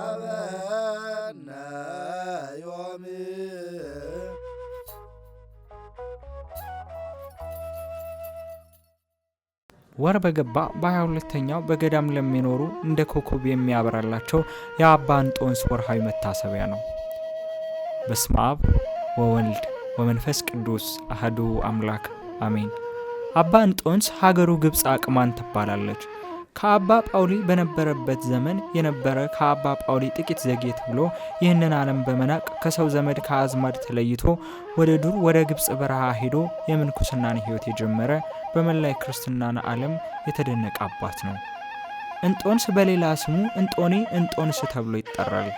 አበነ ዮሚ ወር በገባ በሀያ ሁለተኛው በገዳም ለሚኖሩ እንደ ኮከብ የሚያበራላቸው የአባ እንጦንስ ወርሃዊ መታሰቢያ ነው። በስመ አብ ወወልድ ወመንፈስ ቅዱስ አህዱ አምላክ አሜን። አባ እንጦንስ ሀገሩ ግብፅ አቅማን ትባላለች። ከአባ ጳውሊ በነበረበት ዘመን የነበረ ከአባ ጳውሊ ጥቂት ዘጌት ብሎ ይህንን ዓለም በመናቅ ከሰው ዘመድ ከአዝማድ ተለይቶ ወደ ዱር ወደ ግብፅ በረሃ ሄዶ የምንኩስናን ሕይወት የጀመረ በመላይ ክርስትናን ዓለም የተደነቀ አባት ነው። እንጦንስ በሌላ ስሙ እንጦኔ እንጦንስ ተብሎ ይጠራል።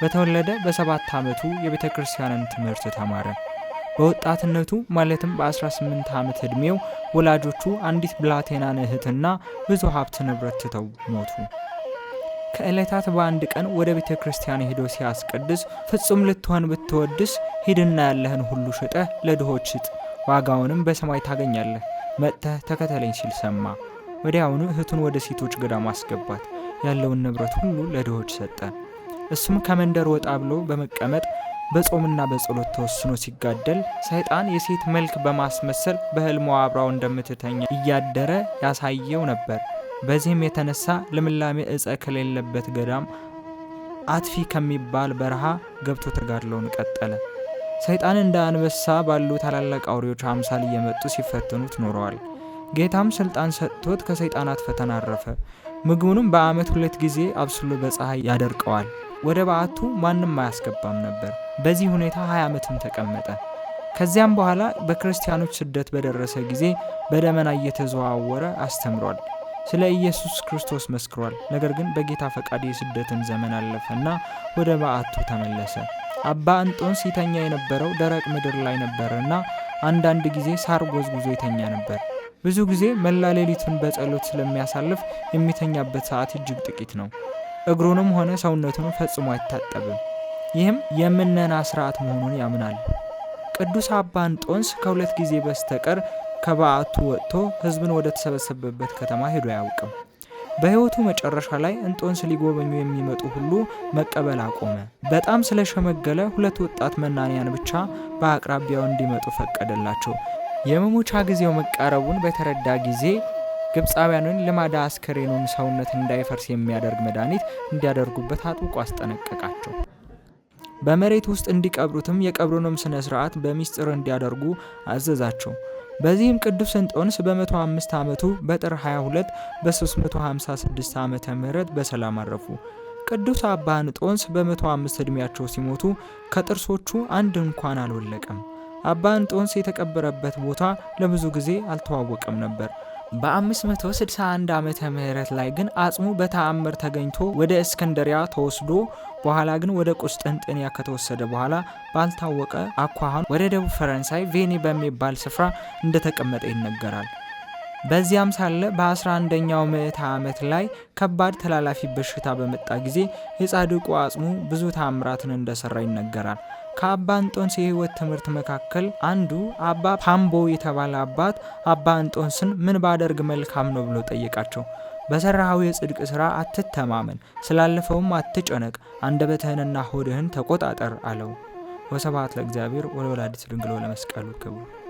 በተወለደ በሰባት ዓመቱ የቤተ ክርስቲያንን ትምህርት ተማረ። በወጣትነቱ ማለትም በ18 ዓመት ዕድሜው ወላጆቹ አንዲት ብላቴናን እህትና ብዙ ሀብት ንብረት ትተው ሞቱ። ከዕለታት በአንድ ቀን ወደ ቤተ ክርስቲያን ሄዶ ሲያስቀድስ ፍጹም ልትሆን ብትወድስ ሂድና ያለህን ሁሉ ሽጠህ ለድሆች ስጥ፣ ዋጋውንም በሰማይ ታገኛለህ፣ መጥተህ ተከተለኝ ሲል ሰማ። ወዲያውኑ እህቱን ወደ ሴቶች ገዳም አስገባት፣ ያለውን ንብረት ሁሉ ለድሆች ሰጠ። እሱም ከመንደር ወጣ ብሎ በመቀመጥ በጾምና በጸሎት ተወስኖ ሲጋደል ሰይጣን የሴት መልክ በማስመሰል በሕልሟ አብራው እንደምትተኛ እያደረ ያሳየው ነበር። በዚህም የተነሳ ልምላሜ እጸ ከሌለበት ገዳም አትፊ ከሚባል በረሃ ገብቶ ተጋድለውን ቀጠለ። ሰይጣን እንደ አንበሳ ባሉ ታላላቅ አውሬዎች አምሳል እየመጡ ሲፈተኑት ኖረዋል። ጌታም ስልጣን ሰጥቶት ከሰይጣናት ፈተና አረፈ። ምግቡንም በዓመት ሁለት ጊዜ አብስሎ በፀሐይ ያደርቀዋል። ወደ በዓቱ ማንም አያስገባም ነበር። በዚህ ሁኔታ 20 ዓመትም ተቀመጠ። ከዚያም በኋላ በክርስቲያኖች ስደት በደረሰ ጊዜ በደመና እየተዘዋወረ አስተምሯል። ስለ ኢየሱስ ክርስቶስ መስክሯል። ነገር ግን በጌታ ፈቃድ የስደትን ዘመን አለፈና ወደ በዓቱ ተመለሰ። አባ እንጦንስ ይተኛ የነበረው ደረቅ ምድር ላይ ነበርና አንዳንድ ጊዜ ሳር ጎዝጉዞ ይተኛ ነበር። ብዙ ጊዜ መላ ሌሊቱን በጸሎት ስለሚያሳልፍ የሚተኛበት ሰዓት እጅግ ጥቂት ነው። እግሩንም ሆነ ሰውነቱን ፈጽሞ አይታጠብም። ይህም የምነና ስርዓት መሆኑን ያምናል። ቅዱስ አባ እንጦንስ ከሁለት ጊዜ በስተቀር ከበዓቱ ወጥቶ ህዝብን ወደ ተሰበሰበበት ከተማ ሄዶ አያውቅም። በሕይወቱ መጨረሻ ላይ እንጦንስ ሊጎበኙ የሚመጡ ሁሉ መቀበል አቆመ። በጣም ስለሸመገለ ሁለት ወጣት መናንያን ብቻ በአቅራቢያው እንዲመጡ ፈቀደላቸው። የመሞቻ ጊዜው መቃረቡን በተረዳ ጊዜ ግብፃውያንን ልማዳ አስከሬኑን ሰውነት እንዳይፈርስ የሚያደርግ መድኃኒት እንዲያደርጉበት አጥብቆ አስጠነቀቃቸው። በመሬት ውስጥ እንዲቀብሩትም የቀብሩንም ስነ ስርዓት በሚስጥር እንዲያደርጉ አዘዛቸው። በዚህም ቅዱስ እንጦንስ በ105 ዓመቱ በጥር 22 በ356 ዓመተ ምህረት በሰላም አረፉ። ቅዱስ አባ እንጦንስ በ105 ዕድሜያቸው ሲሞቱ ከጥርሶቹ አንድ እንኳን አልወለቀም። አባ እንጦንስ የተቀበረበት ቦታ ለብዙ ጊዜ አልተዋወቀም ነበር። በ561 ዓመተ ምህረት ላይ ግን አጽሙ በተአምር ተገኝቶ ወደ እስክንድሪያ ተወስዶ በኋላ ግን ወደ ቁስጥንጥንያ ከተወሰደ በኋላ ባልታወቀ አኳኋን ወደ ደቡብ ፈረንሳይ ቬኒ በሚባል ስፍራ እንደተቀመጠ ይነገራል። በዚያም ሳለ በ11ኛው ምዕተ ዓመት ላይ ከባድ ተላላፊ በሽታ በመጣ ጊዜ የጻድቁ አጽሙ ብዙ ታምራትን እንደሰራ ይነገራል። ከአባ እንጦንስ የሕይወት ትምህርት መካከል አንዱ አባ ፓምቦ የተባለ አባት አባ እንጦንስን ምን ባደርግ መልካም ነው ብሎ ጠየቃቸው። በሰራሃው የጽድቅ ሥራ አትተማመን፣ ስላለፈውም አትጨነቅ፣ አንደበትህንና ሆድህን ተቆጣጠር አለው። ወስብሐት ለእግዚአብሔር ወለወላዲቱ ድንግል ወለመስቀሉ ክቡር